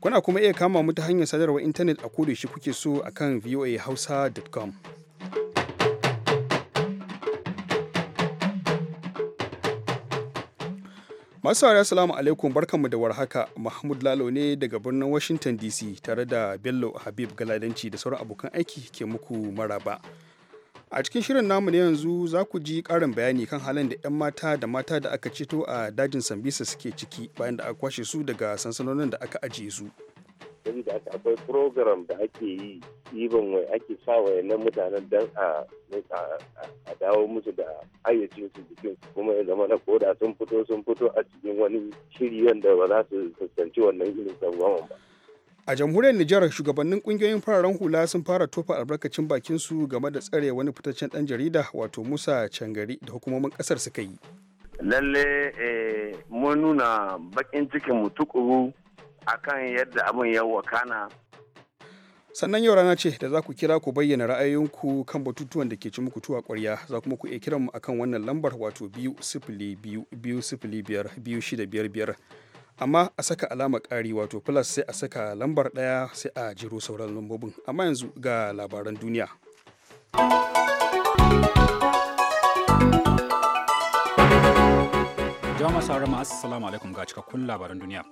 Kuna kuma iya kama mu ta hanyar sadarwar intanet a kodayaushe kuke so a kan voahausa.com. Masu saurari assalamu alaikum barkanmu da warhaka Mahmud Lalo ne daga birnin Washington DC tare da Bello Habib Galadanci da sauran abokan aiki ke muku maraba. a cikin shirin namu na yanzu za ku ji karin bayani kan halin da 'yan mata da mata da aka ceto a dajin sambisa suke ciki bayan da aka kwashe su daga sansanonin da aka ajiye su da aka akwai program da ake yi even wai ake sa wa na mutanen dan a dawo musu da ayyacin su jikin kuma ya zama na koda sun fito sun fito a cikin wani shiri da ba za su fuskanci wannan irin sabuwan ba a jamhuriyar nijar shugabannin kungiyoyin fararen hula sun fara tofa albarkacin bakin su game da tsare wani fitaccen dan jarida wato musa cangari da hukumomin kasar suka yi lalle eh, mun nuna bakin cikin mutukuru a akan yadda abin ya wakana sannan yau rana ce da za ku kira ku bayyana ra'ayoyinku kan batutuwan da ke ci muku tuwa ƙwarya za kuma ku iya kiran mu akan wannan lambar wato biyu sifili biyu biyu sifili biyar biyu shida biyar biyar amma a saka alama kari wato plus sai a saka lambar ɗaya sai a jiro sauran lambobin amma yanzu ga labaran duniya jama'a masu salamu alaikum ga cikakkun labaran duniya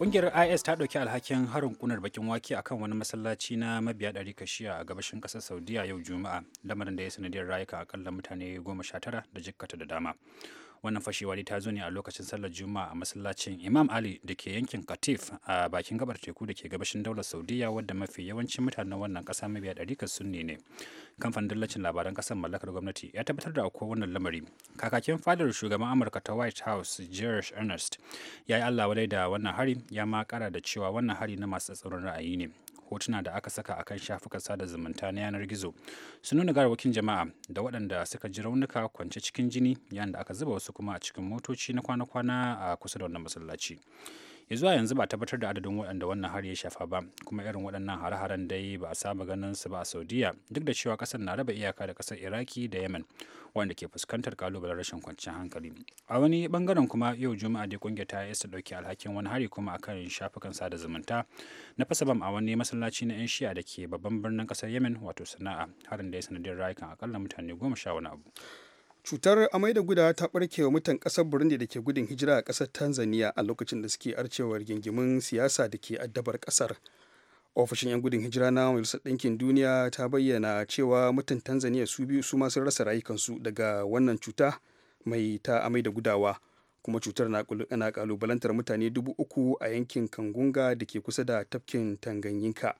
Ƙungiyar IS ta ɗauki alhakin harin kunar bakin wake a kan wani masallaci na mabiya ɗari kashiya a gabashin ƙasar Saudiya yau Juma'a, lamarin da ya sanadiyar rayuka akalla mutane goma sha tara da jikkata da dama. wannan fashewa ne ta zo ne a lokacin sallar juma'a a masallacin imam ali da ke yankin katif a bakin gabar teku da ke gabashin daular saudiya wadda mafi yawancin mutanen wannan kasa mabiya ɗarikar sunni ne kamfanin dallacin labaran kasar mallakar gwamnati ya tabbatar da akwai wannan lamari kakakin fadar shugaban amurka ta white house george ernest ya yi allah wadai da wannan hari ya ma kara da cewa wannan hari na masu tsaron ra'ayi ne hotuna da aka saka akan shafukan sada zumunta na yanar gizo sun nuna garwakin jama'a da waɗanda suka ji raunuka kwance cikin jini yayin da aka zuba wasu kuma a cikin motoci na kwana-kwana a kusa da wannan masallaci ya zuwa yanzu ba tabbatar da adadin waɗanda wannan har ya shafa ba kuma irin waɗannan hare-haren dai ba a saba ganin su ba a saudiya duk da cewa ƙasar na raba iyaka da ƙasar iraki da yemen wanda ke fuskantar kalubalen rashin kwanciyar hankali a wani bangaren kuma yau juma'a dai kungiyar ta yasa dauki alhakin wani hari kuma a akan shafukan sada zumunta na fasabam a wani masallaci na yan shi'a da ke babban birnin ƙasar yemen wato sana'a harin da ya sanadin rayukan akalla mutane goma sha wani abu cutar amai da guda ta barke wa mutan kasar burundi da ke gudun hijira a kasar tanzania a lokacin da suke arcewar gingimin siyasa da ke addabar kasar ofishin 'yan gudun hijira na majalisar ɗinkin duniya ta bayyana cewa mutan tanzania su biyu su masu sun rasa rayukansu daga wannan cuta mai ta amai da gudawa kuma cutar na kalubalantar mutane dubu uku a yankin kangunga da ke kusa da tafkin tanganyinka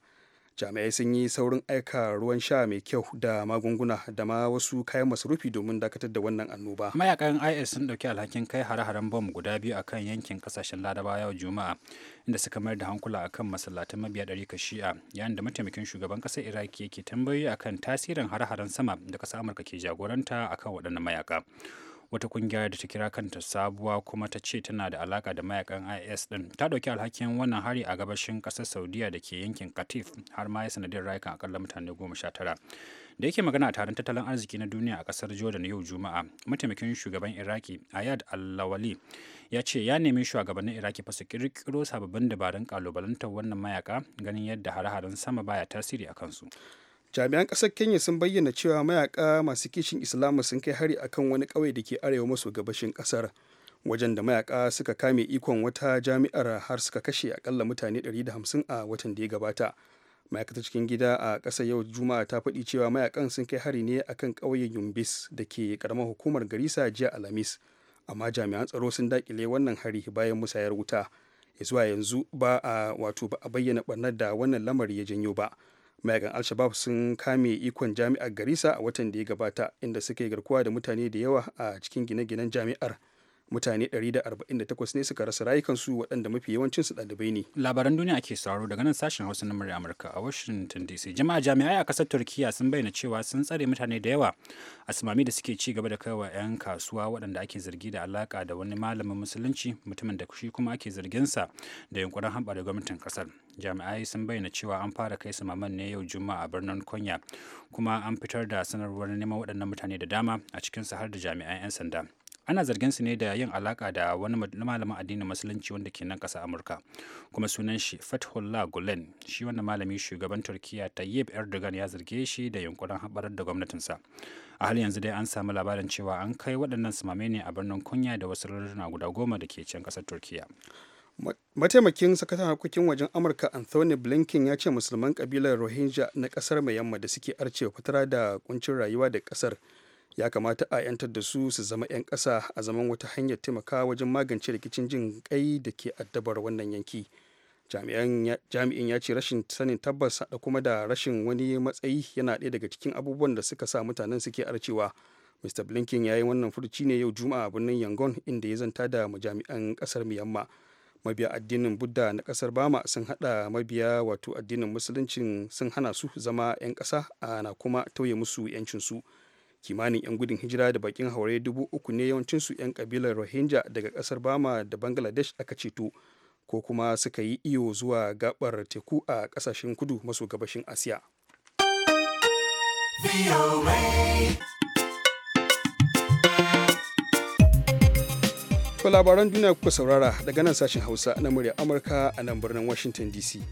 jami'ai sun yi saurin aika ruwan sha mai kyau da magunguna da ma wasu kayan masarufi domin dakatar da wannan annoba mayakan is sun dauki alhakin kai hare-haren bom guda biyu a kan yankin kasashen laraba yau juma'a inda suka mayar da hankula a kan masallatan mabiya ɗari ka shi'a yayin da mataimakin shugaban ƙasar iraki yake tambayoyi a kan tasirin hare-haren sama da ƙasar amurka ke jagoranta a kan waɗannan mayaka wata kungiya da ta kira kanta sabuwa kuma ta ce tana da alaka da mayakan is din ta dauki alhakin wannan hari a gabashin kasar saudiya da ke yankin katif har ma ya sanadin rayukan akalla mutane goma sha tara da yake magana a taron tattalin arziki na duniya a kasar jordan yau juma'a mataimakin shugaban iraki ayad allawali ya ce ya nemi shugabannin iraki fa su kirkiro sababbin dabarun kalubalantar wannan mayaka ganin yadda hare-haren sama baya tasiri a kansu jami'an ƙasar kenya sun bayyana cewa mayaka masu kishin islamu sun kai hari akan wani ƙauye da ke arewa maso gabashin ƙasar wajen da mayaka suka kame ikon wata jami'ar har suka kashe akalla mutane 150 a watan da ya gabata ma'aikatar cikin gida a ƙasar yau juma'a ta faɗi cewa mayakan sun kai hari ne akan ƙauyen yumbis da ke karamar hukumar garisa jiya alhamis amma jami'an tsaro sun daƙile wannan hari bayan musayar wuta zuwa yanzu ba a wato ba a bayyana ɓarnar da wannan lamari ya janyo ba mayakan al-shabab sun kame ikon jami'ar garisa a watan da ya gabata inda suka yi garkuwa da mutane da yawa a cikin gine-ginen jami'ar mutane 148 ne suka rasa rayukansu waɗanda mafi yawancin su ɗalibai ne labaran duniya ake sauraro daga nan sashen hausa na murya amurka a washington dc jama'a jami'ai a ƙasar turkiyya sun bayyana cewa sun tsare mutane da yawa a sumami da suke ci gaba da kaiwa 'yan kasuwa waɗanda ake zargi da alaka da wani malamin musulunci mutumin da shi kuma ake zargin sa da yunkurin haɓa da gwamnatin ƙasar jami'ai sun bayyana cewa an fara kai sumaman ne yau juma'a a birnin konya kuma an fitar da sanarwar neman waɗannan mutane da dama a cikinsu har da jami'an 'yan sanda ana zargin su ne da yin alaka da wani malamin addinin musulunci wanda ke nan ƙasa amurka kuma sunan shi fathullah gulen shi wannan malami shugaban turkiya tayyip erdogan ya zarge shi da yunkurin haɓarar da gwamnatinsa a hal yanzu dai an samu labarin cewa an kai waɗannan sumame ne a birnin kunya da wasu rurruna guda goma da ke can ƙasar turkiya mataimakin sakataren harkokin wajen amurka anthony blinken ya ce musulman kabilar rohingya na kasar mai yamma da suke arcewa fitara da kuncin rayuwa da kasar ya kamata a 'yantar da su su zama 'yan ƙasa a zaman wata hanyar taimaka wajen magance rikicin jin kai da ke addabar wannan yanki jami'in ya ce rashin sanin tabbas da kuma da rashin wani matsayi yana ɗaya daga cikin abubuwan da suka sa mutanen suke arcewa mr blinken ya yi wannan furuci ne yau juma'a a birnin yangon inda ya zanta da majami'an ƙasar miyamma mabiya addinin budda na ƙasar bama sun hada mabiya wato addinin musuluncin sun hana su zama 'yan ƙasa ana kuma tauye musu 'yancinsu su kimanin 'yan gudun hijira da bakin haure dubu uku ne yawancinsu 'yan kabilar rohingya daga kasar bama da bangladesh aka ceto ko kuma suka yi iyo zuwa gabar teku a kasashen kudu maso gabashin asiya labaran duniya kuka saurara daga nan sashen hausa na murya amurka a nan birnin washington dc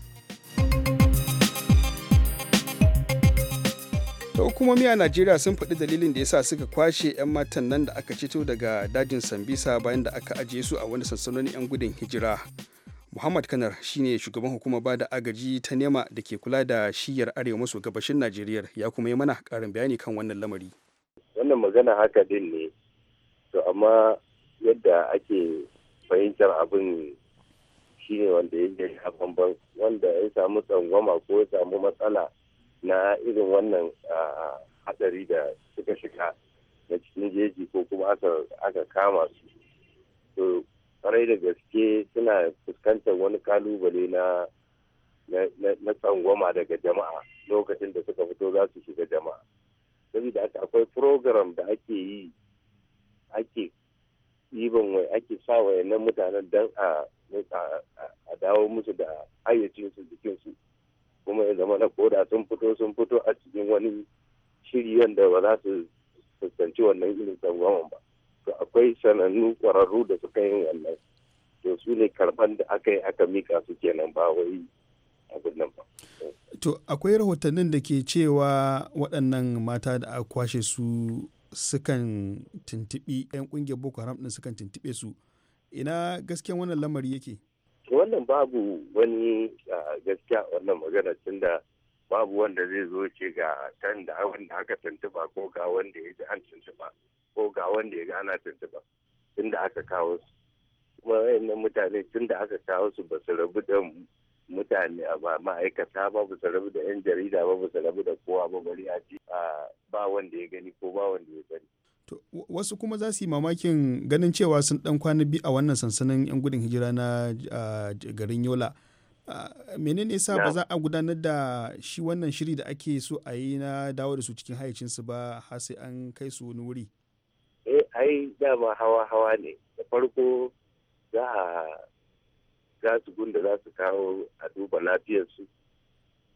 da hukumomi a najeriya sun faɗi dalilin da yasa suka kwashe 'yan matan nan da aka ceto daga dajin sambisa bayan da aka ajiye su a wani sansanonin 'yan gudun hijira muhammad kanar shine shugaban hukumar ba da agaji ta nema da ke kula da shiyar arewa maso gabashin najeriya ya kuma yi mana karin bayani kan wannan lamari wannan magana haka din ne to amma yadda ake fahimtar abin shine wanda ya bambam wanda ya samu tsangwama ko ya samu matsala na irin wannan ah, hadari da suka shiga na cikin jeji ko kuma aka kama su to kwarai da gaske suna fuskantar wani kalubale na na tsangwama daga jama'a lokacin da suka fito za su shiga jama'a saboda aka akwai program da ake yi ake ɗiban wai ake sa wayannan mutanen don a dawo musu da ayyacinsu jikinsu kuma ya zama na koda sun fito sun fito a cikin wani shiri yadda ba za su fuskanci wannan irin tsangwaman ba to akwai sanannu kwararru da suka yi wannan to su ne karban da aka yi aka mika su kenan ba wai abin nan ba to akwai rahotannin da ke cewa waɗannan mata da aka kwashe su sukan tuntuɓi 'yan ƙungiyar boko haram ɗin sukan tuntuɓe su ina gasken wannan lamari yake wannan babu wani gaskiya wannan magana tun da babu wanda zai zo ce ga tan da wanda aka tuntuba ko ga wanda ya ji an tuntuba ko ga wanda ya ga ana tuntuba tun da aka kawo su kuma wayannan mutane tun da aka kawo su ba su rabu da mutane ba ma'aikata ba ba su rabu da yan jarida ba ba su rabu da kowa ba bari a ba wanda ya gani ko ba wanda ya gani wasu kuma za su yi mamakin ganin cewa sun dan kwana biyu a wannan sansanin 'yan gudun hijira na garin yola menene yasa ba za a gudanar da shi wannan shiri da ake so a yi na dawo da su cikin hayacinsu ba har sai an kai su wani wuri eh ai dama hawa hawa ne da farko za a za su gunda za su kawo a duba lafiyarsu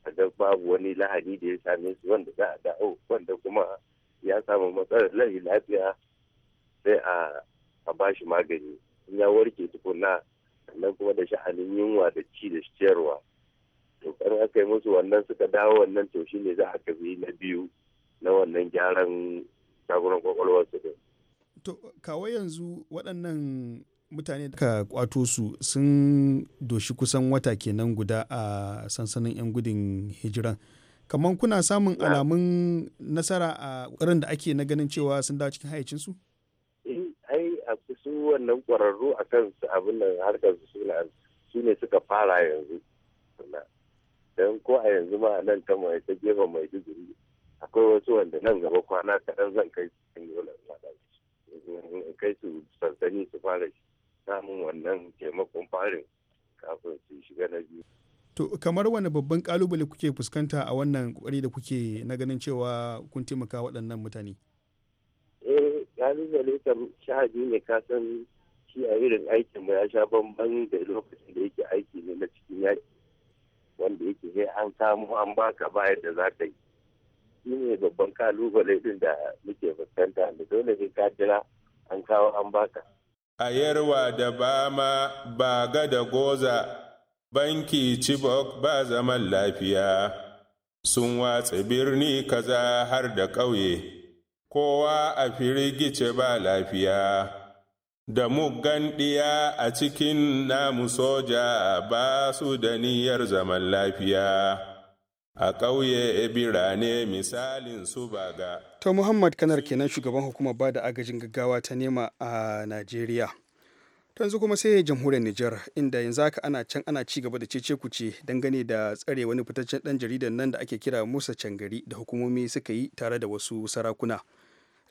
a babu wani lahani da ya same su wanda za a dawo wanda kuma ya samu matsalar lari lafiya sai a a ba shi magani in ya warke tukuna sannan kuma da sha'anin yunwa da ci da ciyarwa to kan aka yi musu wannan suka dawo wannan to shi ne za a kafi na biyu na wannan gyaran shagunan kwakwalwar su din. to kawai yanzu waɗannan mutane da ka kwato su sun doshi kusan wata kenan guda a sansanin 'yan gudun hijiran kamar kuna samun alamun nasara a ƙoƙarin da ake na ganin cewa sun dawo cikin hayyacinsu? Eh, ai a su wannan ƙwararru a kan abin nan harkar su su ne suka fara yanzu don ko a yanzu ma a nan kama mai ta gefen mai digiri akwai wasu wanda nan gaba kwana kaɗan zan kai su kan yola in kai su sansani su fara samun wannan taimakon farin kafin su shiga na biyu to kamar wani babban kalubale kuke fuskanta a wannan kokari da kuke na ganin cewa kun taimaka waɗannan mutane eh kalubale kam shahadi ne ka shi a irin aikin mu ya sha bamban da lokacin da yake aiki ne na cikin yaki wanda yake sai an samu an baka bayar da za ka yi shi ne babban kalubale din da muke fuskanta da dole ne ka jira an kawo an baka a yarwa da bama ba ga da goza banki Chibok ba zaman lafiya, sun watsa birni kaza har da ƙauye, kowa a firgice ba lafiya, da muggan ɗiya a cikin namu soja ba su da niyyar zaman lafiya. A ƙauye birane misalin su ba ga. To Muhammad Kanar kenan shugaban hukumar ba da agajin gaggawa ta nema a Najeriya. yanzu kuma sai jamhuriyar Nijar inda yanzu haka ana can ana ci gaba da cece kuce dangane da tsare wani fitaccen dan jaridan nan da ake kira Musa Cangari da hukumomi suka yi tare da wasu sarakuna.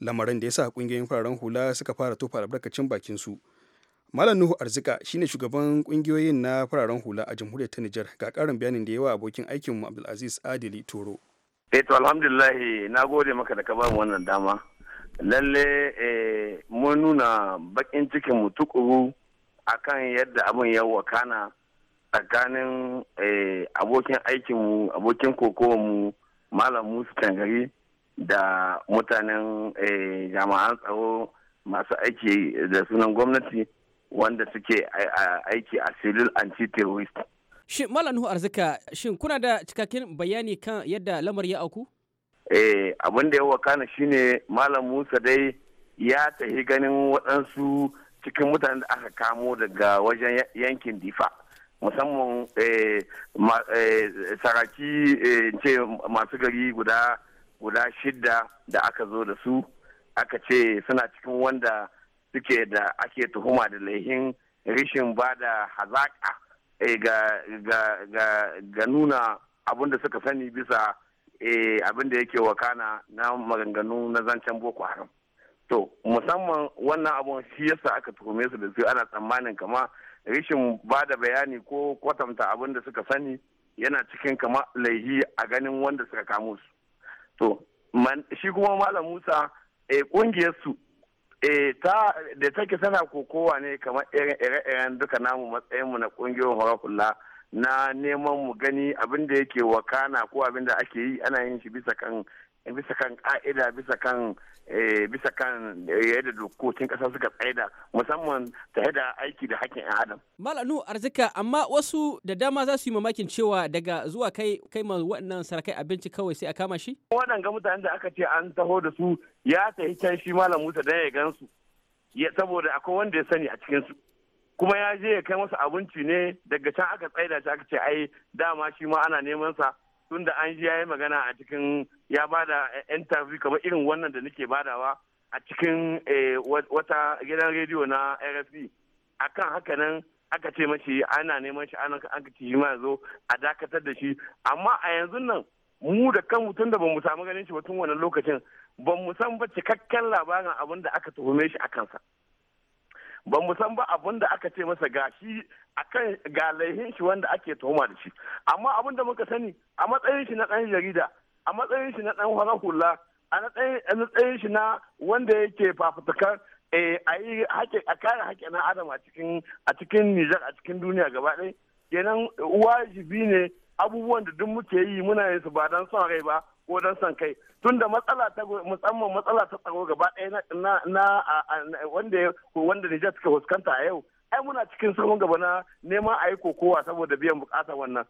Lamarin da ya sa kungiyoyin fararen hula suka fara tofa albarkacin bakin su. Malam Nuhu Arzika shine shugaban kungiyoyin na fararen hula a jamhuriyar ta Nijar ga karin bayanin da yawa abokin aikinmu Abdulaziz Adili Toro. Eh to alhamdulillah na gode maka da ka ba wannan dama. Lalle eh, mun nuna bakin cikin mu tukuru akan yadda abin ya wakana tsakanin eh, abokin aikinmu abokin kokowarmu malam musu tangari da mutanen eh, jama'an tsaro masu aiki da sunan gwamnati wanda suke aiki a civil anti-terrorist. Shi Malam Nuhu Arzika, shin kuna da cikakken bayani kan yadda lamar ya auku? Eh, abin da ya wakana shine Malam Musa dai ya tafi ganin waɗansu cikin mutanen da aka kamo daga wajen yankin difa musamman eh, eh, saraki eh, ce masu gari guda shida shidda da aka zo da su aka ce suna cikin wanda suke da ake tuhuma da laihin rishin ba da hazaƙa ga nuna abin da suka sani bisa abin da yake wakana na maganganu na zancen boko haram to musamman wannan abun shi yasa aka tuhume su da su ana tsammanin kama rashin ba da bayani ko kwatanta abin da suka sani yana cikin kama laihi a ganin wanda suka kamo su to shi kuma malam musa e, eh, kungiyar su e, ta da take ko kokowa ne kamar irin ire-iren duka namu matsayinmu na kungiyar horakulla na neman mu gani abin da yake wakana ko abin da ake yi ana yin shi bisa kan bisa kan ka'ida bisa kan Eh, bisa kan eh, yadda dokokin kasa suka tsaida musamman ta da aiki da hakkin yan adam. Malanu arzika amma wasu da dama za su yi mamakin cewa daga zuwa kai kai ma waɗannan sarakai abinci kawai sai a kama shi? Waɗanga mutanen da aka ce an taho da su ya tafi can shi malam Musa dan ya gansu saboda akwai wanda ya sani a su kuma ya je ya kai masa abinci ne daga can aka tsaida shi aka ce ai dama shi ma ana neman sa tunda an ji yayi magana a cikin ya bada eh, interview kamar irin wannan da nake badawa a cikin eh, wata gidan rediyo na rfc akan haka nan aka ce mashi ana neman shi ana an ka ci ma zo a dakatar da shi amma a yanzu nan mu da kan mutum da bamu samu ganin shi ba tun wannan lokacin ba mu san ba cikakken labarin abin da aka tuhume shi a kansa ba mu san ba abin da aka ce masa ga shi akan ga laihin shi wanda ake tuhuma da shi amma abin da muka sani a matsayin shi na ɗan jarida a matsayin shi na ɗan hula a matsayin shi na wanda yake fafutukar eh, a yi a kare haƙƙin na adam a cikin a cikin Nijar a cikin duniya gaba ɗaya kenan wajibi ne abubuwan da duk muke yi muna yin su ba don son rai ba ko san kai tunda matsala ta musamman matsala ta tsaro gaba ɗaya na na wanda wanda Nijar suka fuskanta a yau ai muna cikin sahun gaba na neman a yi kokowa saboda biyan bukatar wannan.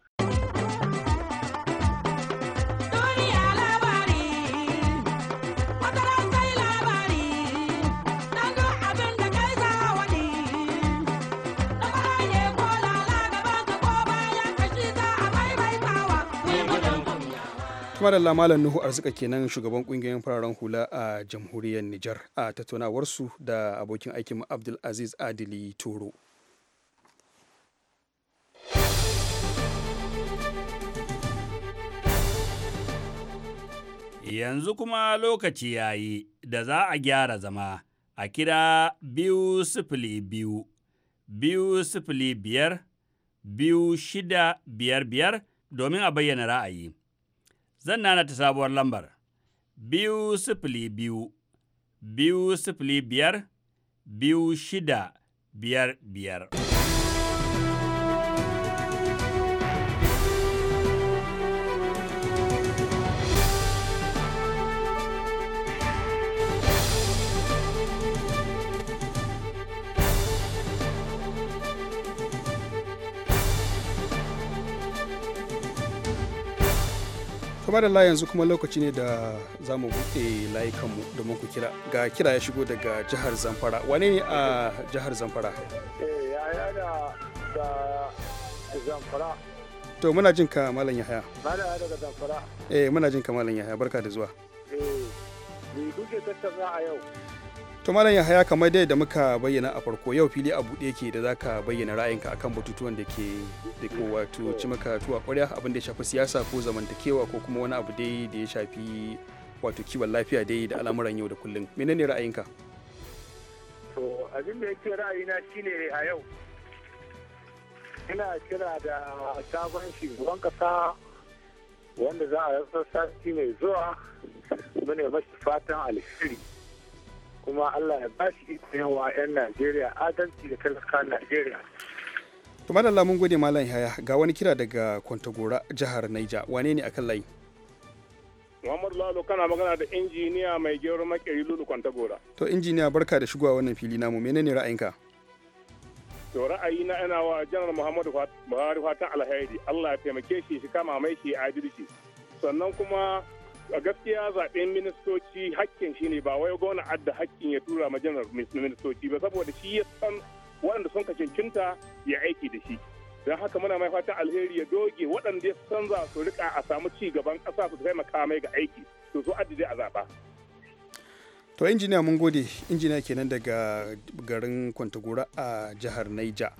kuma da malam nuhu arzika kenan shugaban kungiyoyin fararen hula a jamhuriyar nijar a tattaunawarsu da abokin aikin abdul aziz adili toro yanzu kuma lokaci ya yi da za a gyara zama a kira biyu sifili biyu biyu sifili biyar biyu shida biyar biyar domin a bayyana ra'ayi Zan nana ta sabuwar lambar biyu sifili biyu, biyu sifili biyar, biyu shida biyar biyar. kuma da yanzu kuma lokaci ne da za mu buɗe layukanmu domin ku kira ga kira ya shigo daga jihar zamfara wane ne a jihar zamfara eh, zamfara to muna jin ka malam yahaya daga zamfara eh muna jin ka malam yahaya barka da zuwa eh ni duke tattauna a yau to malam yahaya kamar dai da muka bayyana a farko yau fili a buɗe ke da zaka bayyana ra'ayinka akan batutuwan da ke da ke wato ci maka tuwa ƙwarya abin da ya shafi siyasa ko zamantakewa ko kuma wani abu dai da ya shafi wato kiwon lafiya dai da al'amuran yau da kullum menene ra'ayinka to abin da yake ra'ayina shine a yau ina kira da sabon shugaban kasa wanda za a rasa sati mai zuwa ne mashi fatan alheri kuma Allah ya ba shi iko yawa 'yan Najeriya adalci da talakan Najeriya. To madalla mun gode Malam Yahaya ga wani kira daga Kwantagora jihar Naija wane ne akan layi? Muhammadu Lalo kana magana da injiniya mai gero makeri Lulu Kwantagora. To injiniya barka da shigowa wannan fili namu menene ra'ayinka? To ra'ayi na yana wa janar Muhammadu Buhari fatan alheri Allah ya taimake shi shi kama mai shi adalci. Sannan kuma a gaskiya zaɓen ministoci hakkin shi ne ba wai gona adda hakkin ya tura majalar ministoci ba saboda shi ya san waɗanda sun ka ya aiki da shi don haka muna mai fatan alheri ya doge waɗanda ya san za su rika a samu ci gaban ƙasa su taimaka mai ga aiki to su adda a zaɓa. to injiniya mun gode injiniya kenan daga garin kwantagora a jihar naija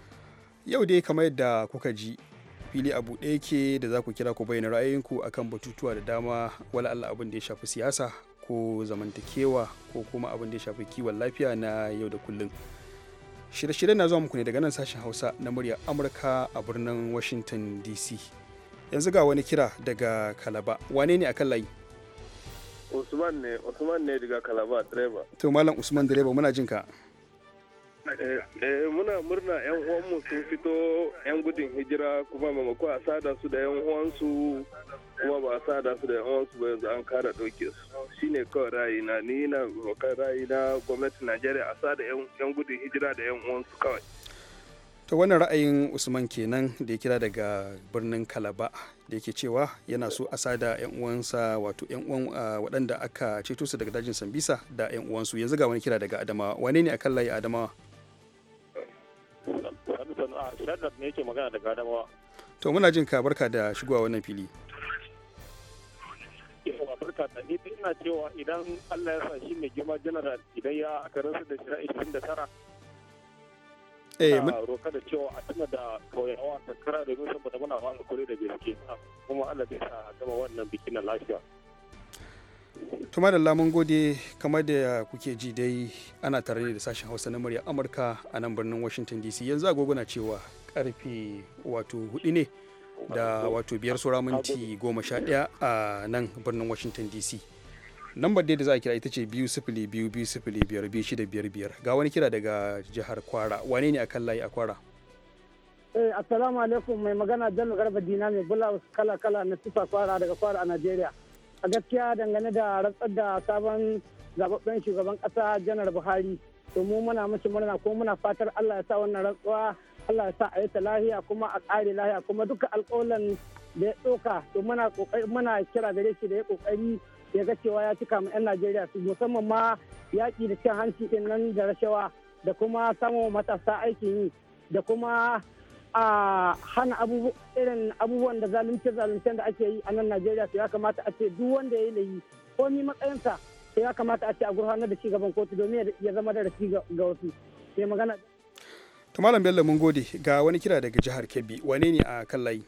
yau dai kamar yadda kuka ji fili a buɗe ke da za ku kira ku bayyana ra'ayinku akan batutuwa da dama wala Allah abin da ya shafi siyasa ko zamantakewa ko kuma abin da ya shafi kiwon lafiya na yau da kullum shirye-shiryen na zuwa muku ne daga nan sashen hausa na murya amurka a birnin washington dc yanzu ga wani kira daga kalaba wane ne kan layi usman ne daga kalaba direba to malam usman direba muna jin ka Eh, eh muna murna yan uwanmu sun fito yan gudun hijira kuma maimako a sada su da yan uwansu kuma ba a sada su da yan uwansu ba yanzu an kara ɗauke su shine kawai ra'ayi na ni na rokan ra'ayi na gwamnatin Najeriya a sada yan gudun hijira da yan uwansu kawai. To wannan ra'ayin Usman kenan da ya kira daga birnin Kalaba da yake cewa yana so a sada 'yan uwansa wato 'yan uwan waɗanda aka ceto su daga dajin Sambisa da 'yan uwansu yanzu ga wani kira daga Adamawa wane ne akan layi Adamawa? a ne yake magana daga Adamawa. To muna jin ka barka da shigowa wannan fili. Yawa barka da ni ina cewa idan Allah ya sa shi ne girma general idan ya aka rasa da shira 29 Eh, mun roka da cewa a tuna da kauyawa ta kara domin saboda muna fara kore da gaske kuma Allah zai sa gama wannan bikin na lafiya. tuma da lamun gode kamar da kuke ji dai ana tare da sashen hausa na murya amurka a nan birnin washington dc yanzu agogona cewa karfe wato hudu ne da wato biyar saura minti goma sha daya a nan birnin washington dc lambar dai da za a kira ita ce biyu sifili biyu biyu sifili biyar biyu shida biyar biyar ga wani kira daga jihar kwara wane ne akan layi a kwara Eh, assalamu alaikum mai magana Bello Garba Dina mai bula kala kala na tufa kwara daga kwara a Najeriya. a gaskiya dangane da rantsar da sabon zababben shugaban kasa janar buhari to muna mashi murna ko muna fatar allah ya sa wannan rantsuwa allah ya sa a yi ta lahiya kuma a ƙare lahiya kuma duka alƙawalan da ya ɗauka to muna kira gare shi da ya ƙoƙari ya ga cewa ya cika mu 'yan najeriya su musamman ma yaƙi da cin hanci ɗin nan da rashawa da kuma samun matasa aikin yi da kuma a hana irin abubuwan da zalunce zaluncen da ake yi a nan Najeriya to ya kamata a ce duk wanda ya yi layi ko ni matsayinsa to ya kamata a ce a gurfanar da shi kotu domin ya zama da rafi ga wasu sai magana to malam bello mun gode ga wani kira daga jihar kebbi wane ne a kan layi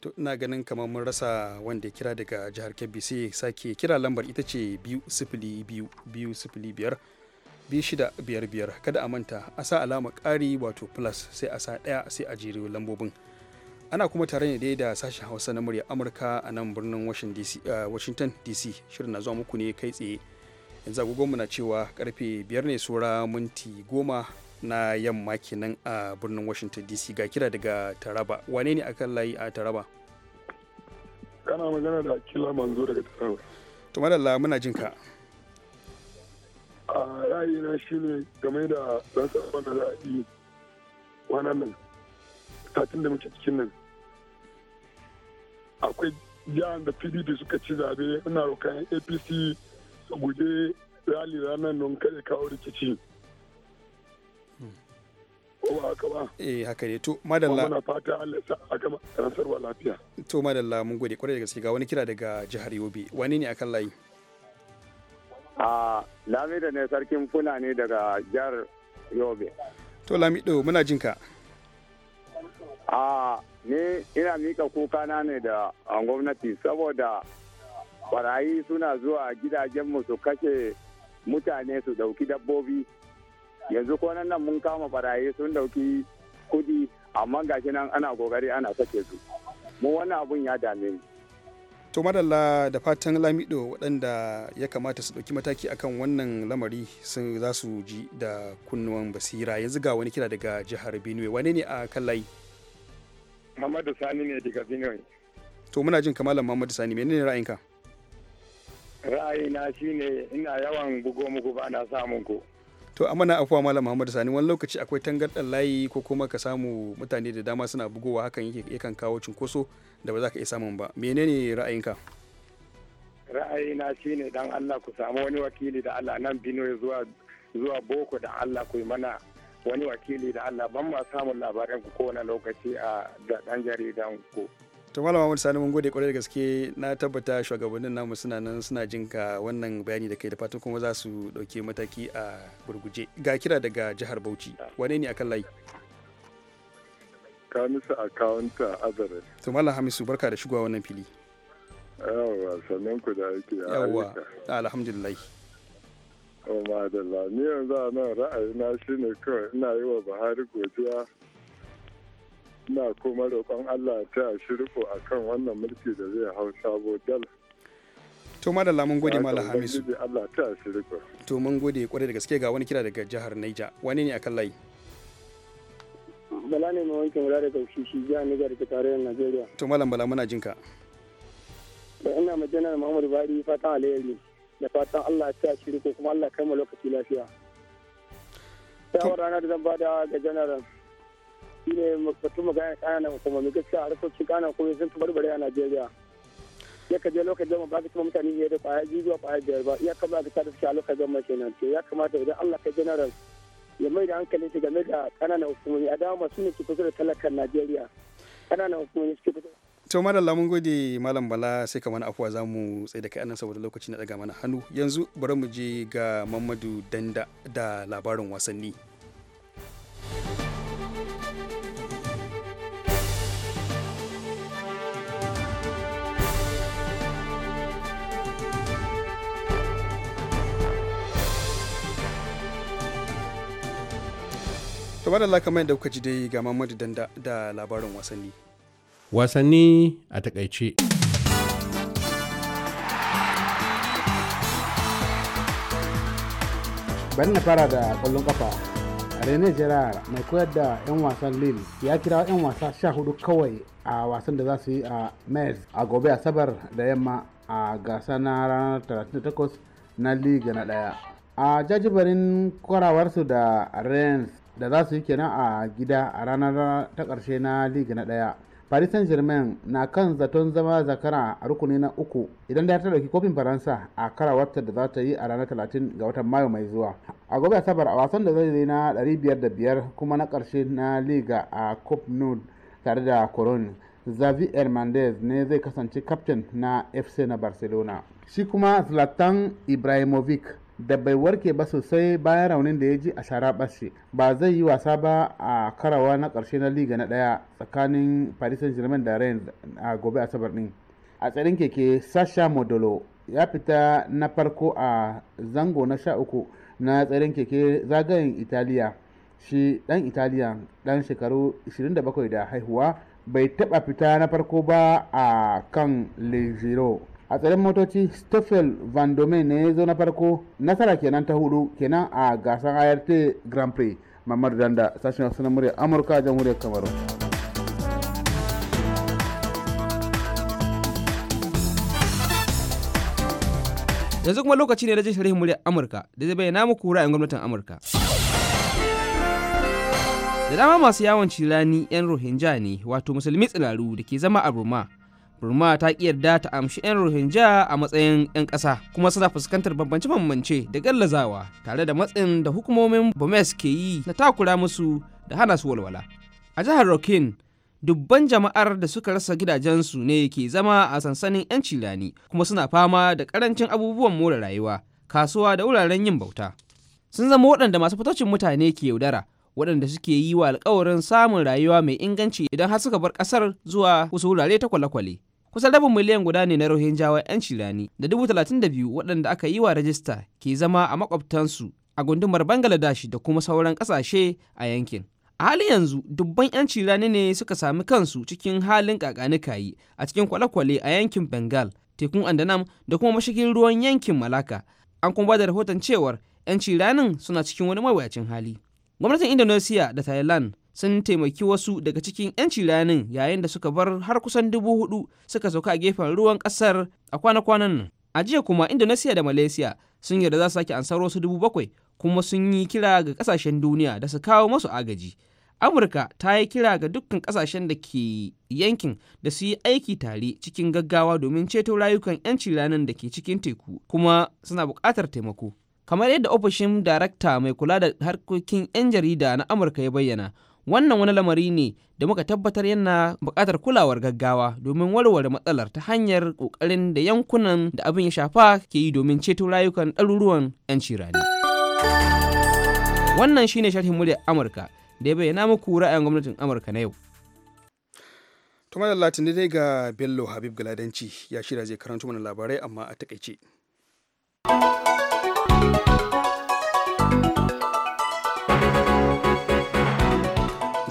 to ina ganin kamar mun rasa wanda ya kira daga jihar kebbi sai sake kira lambar ita ce biyu sifili biyu biyu sifili biyar 2655 kada a manta a sa alama ƙari wato plus sai a sa ɗaya sai a jere lambobin ana kuma tare ne dai da sashen hausa na murya amurka a nan birnin washington dc shirin na zuwa muku ne kai tsaye yanzu agogonmu na cewa karfe biyar ne sura minti goma na yamma kenan a birnin washington dc ga kira daga taraba wane ne akan layi a taraba kana magana da kila manzo daga taraba to madalla muna jinka. a ra'ayina shi ne game da rantsarwar da za a yi wannan nan satin da muke cikin nan akwai jihar da pdp suka ci zabe ina rokan apc su guje rali ranar nan kare kawo rikici Eh haka ne to madalla. Muna fata Allah sa a gama rantsarwa lafiya. To madalla mun gode kwarai da gaske ga wani kira daga jihar Yobe. Wani ne akan layi? a lamido ne sarkin fulani daga jihar yobe to lamido muna jinka a ni ina mika kukana ne da gwamnati saboda barayi suna zuwa gidajenmu su kashe mutane su dauki dabbobi yanzu kwanan nan mun kama barayi sun dauki kudi amma gashi nan ana gogari ana sake su mu wani abun ya dame ni to madalla da fatan lamido waɗanda ya kamata su ɗauki mataki akan wannan lamari sun za su ji da kunnuwan basira yanzu ga wani kira daga jihar benue wane ne a kan layi Sani ne daga Benue. To muna jin kamalan mamadu Sani menene ra'ayinka? Ra'ayina shine ina yawan bugo muku ba na samun ku. to amana afuwa malam muhammad sani wani lokaci akwai tangarɗar layi ko kuma ka samu mutane da dama suna bugowa hakan yakan kawo cunkoso da ba za ka iya samun ba menene ra'ayinka ra'ayina shine dan Allah ku samu wani wakili da Allah nan Bino zuwa zuwa Boko da Allah ku mana wani wakili da Allah ban ma samun labaran ku kowane lokaci a da dan jaridan ku to malama mun Sani mun gode kwarai da gaske na tabbata shugabannin namu suna nan suna jin ka wannan bayani da kai da fatan kuma za su dauke mataki a gurguje ga kira daga jihar Bauchi wane ne akan layi Kamisu akawunta Azare to malam Hamisu barka da shigowa wannan fili yawa sannan ku da yake yawa alhamdulillah o madalla ni yanzu a nan ra'ayina shine kawai ina yi wa Buhari godiya na kuma roƙon Allah ta shirko a kan wannan mulki da zai hau sabo dal. To da lamun gode Malam Hamisu. Allah ta shirko. To mun gode kwarai da gaske ga wani kira daga jihar niger wani ne akan layi? Bala ne mai wankin wula daga Ushishi jihar Niger da tarayyar Najeriya. To Malam Bala muna jinka. Da ina magana Muhammadu Bari fatan alheri da fatan Allah ta shirko kuma Allah kai mu lokaci lafiya. ta wa na da zan bada ga janaral shine batun magana kananan hukumomi gaskiya harkokin kananan hukumomi sun barbare a najeriya ya ka je lokacin mu ba ka mutane ne da kwaya biyu zuwa kwaya biyar ba ya kamata ka shi a lokacin zama kenan to ya kamata idan Allah ka general ya mai da hankali shi game da kananan hukumomi a dama su ne ke kusa da talakan Najeriya kananan hukumomi suke kusa to madalla mun gode malam bala sai ka mana afuwa zamu tsai da kai anan saboda lokaci na daga mana hannu yanzu bari mu je ga mamadu danda da labarin wasanni kamar Allah kamar yadda kuka ji dai ga Mamadu Danda da labarin wasanni. Wasanni a takaice. Bari na fara da kwallon kafa. Rene Gerard mai koyar da 'yan wasan Lille ya kira 'yan wasa sha hudu kawai a wasan da za su yi a Metz a gobe Asabar da yamma a gasa na ranar 38 na Liga na daya. a jajibarin kwarawarsu da Rennes da za su yi kenan a gida a ranar ta ƙarshe na liga na ɗaya paris saint germain na kan zaton zama zakara a rukuni na uku idan da ta ɗauki kofin faransa a kara wata da za ta yi a ranar talatin ga watan mayu mai zuwa a gobe asabar a wasan da zai yi na 505 kuma na ƙarshe na liga a cop nud tare da coron Xavi Hernandez ne zai kasance captain na FC na Barcelona. Shi kuma Zlatan Ibrahimovic da bai warke ba sosai bayan raunin da ya ji a shara bashi ba zai yi wasa ba a karawa na ƙarshe na liga na ɗaya tsakanin paris saint-germain da rennes a gobe asabar ɗin a tsarin keke sasha modolo ya fita na farko a zango na sha uku na tsarin keke zagayen italiya shi ɗan italiya ɗan shekaru 27 da haihuwa bai taɓa fita na farko ba a kan le a tsarin motoci stoffel van domen ne zo na farko nasara kenan ta hudu kenan a gasar art grand prix mamadu danda sashen wasu na murya amurka jamhuriyar kamaru yanzu kuma lokaci ne na jin sharhin muryar amurka da zai bayyana muku ra'ayin gwamnatin amurka da dama masu yawon cirani 'yan rohingya ne wato musulmi tsiraru da ke zama a burma burma ta ki yarda ta amshi 'yan rohingya a matsayin 'yan ƙasa kuma suna fuskantar bambance-bambance da gallazawa tare da matsin da hukumomin bomes ke yi na takura musu da hana su walwala a jihar rokin dubban jama'ar da suka rasa gidajensu ne ke zama a sansanin 'yan cilani kuma suna fama da karancin abubuwan more rayuwa kasuwa da wuraren yin bauta sun zama waɗanda masu fitocin mutane ke yaudara waɗanda suke yi wa alkawarin samun rayuwa mai inganci idan har suka bar ƙasar zuwa wasu wurare ta kwale-kwale kusan rabin miliyan guda ne na rohinjawa 'yan cirani da dubu talatin da biyu waɗanda aka yi wa rajista ke zama a makwabtansu a gundumar bangaladesh da kuma sauran ƙasashe a yankin a halin yanzu dubban 'yan cirani ne suka sami kansu cikin halin kakanikayi a cikin kwale-kwale a yankin bengal tekun andanam da kuma mashigin ruwan yankin malaka an kuma ba da rahoton cewar 'yan ciranin suna cikin wani mawuyacin hali gwamnatin indonesia da thailand sun taimaki wasu daga cikin 'yanci ranin yayin da suka bar har kusan dubu hudu suka sauka a gefen ruwan kasar a kwana-kwanan nan a jiya kuma indonesia da malaysia sun yarda za su sake ansar wasu dubu bakwai kuma sun yi kira ga kasashen duniya da su kawo masu agaji amurka ta yi kira ga dukkan kasashen da ke yankin da su yi aiki tare cikin gaggawa domin ceto rayukan 'yanci ranin da ke cikin teku kuma suna buƙatar taimako kamar yadda ofishin darakta mai kula da harkokin 'yan jarida na amurka ya bayyana wannan wani lamari ne da muka tabbatar yana buƙatar kulawar gaggawa domin warware matsalar ta hanyar ƙoƙarin da yankunan da abin ya shafa ke yi domin ceto rayukan ɗaruruwan 'yan cirani. wannan shine sharhin muryar amurka da ya bayyana muku ra'ayin gwamnatin amurka na yau tuma da latin dai ga bello habib galadanci ya shirya zai karanto mana labarai amma a takaice.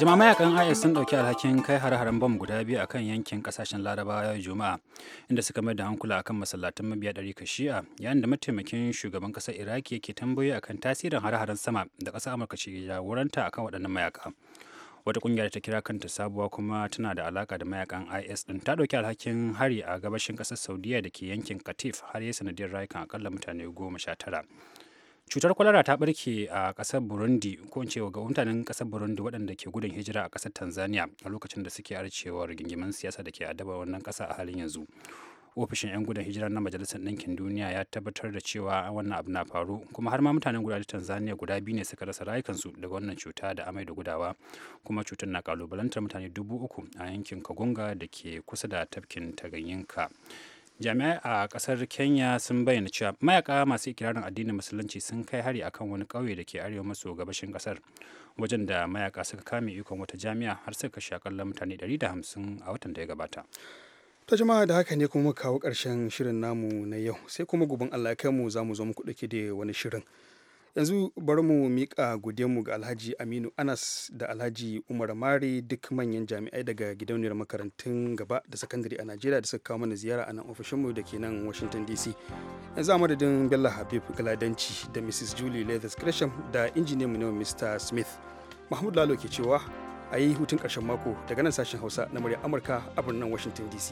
jama'a mayakan is sun dauki alhakin kai har-haren bom guda biyu a kan yankin kasashen larabawa juma'a inda suka mai da hankula akan masallatan mabiya ɗari ka shi'a yayin da mataimakin shugaban kasar iraki yake tambayoyi akan tasirin har-haren sama da ƙasar amurka ce jagoranta akan waɗannan mayaka wata kungiya da ta kira kanta sabuwa kuma tana da alaka da mayakan is din ta dauki alhakin hari a gabashin kasar saudiya da ke yankin katif har ya sanadiyar rayukan akalla mutane goma sha tara cutar kwalara ta barke a kasar burundi ko in ce ga mutanen kasar burundi waɗanda ke gudun hijira a kasar tanzania a lokacin da suke arcewa rigingimin siyasa da ke adaba wannan kasa a halin yanzu ofishin 'yan gudun hijira na majalisar ɗinkin duniya ya tabbatar da cewa wannan abu na faru kuma har ma mutanen gudanar tanzania guda biyu ne suka rasa rayukansu daga wannan cuta da amai da gudawa kuma cutar na kalubalantar mutane dubu uku a yankin kagunga da ke kusa da tafkin taganyinka jami'ai a kasar kenya sun bayyana cewa mayaka masu ikirarin addinin musulunci sun kai hari akan wani ƙauye da ke arewa maso gabashin kasar wajen da mayaka suka kame ikon wata jami'a har suka kashe akalla mutane 150 a watan da ya gabata ta jama'a da haka ne kuma mu kawo ƙarshen shirin namu na yau sai kuma gubin allah ya kai mu za mu zo muku ɗauke da wani shirin yanzu bari mu miƙa mu ga alhaji aminu anas da alhaji umar mare duk manyan jami'ai daga gidauniyar makarantun gaba da sakandare a najeriya da suka kawo mana ziyara a nan ofishinmu da ke nan washington dc yanzu a madadin bello habib galadanci da mrs julie leathers gresham da injiniyan mu ne mr smith mahmud lalo ke cewa a yi hutun karshen mako daga nan sashen hausa na murya amurka a birnin washington dc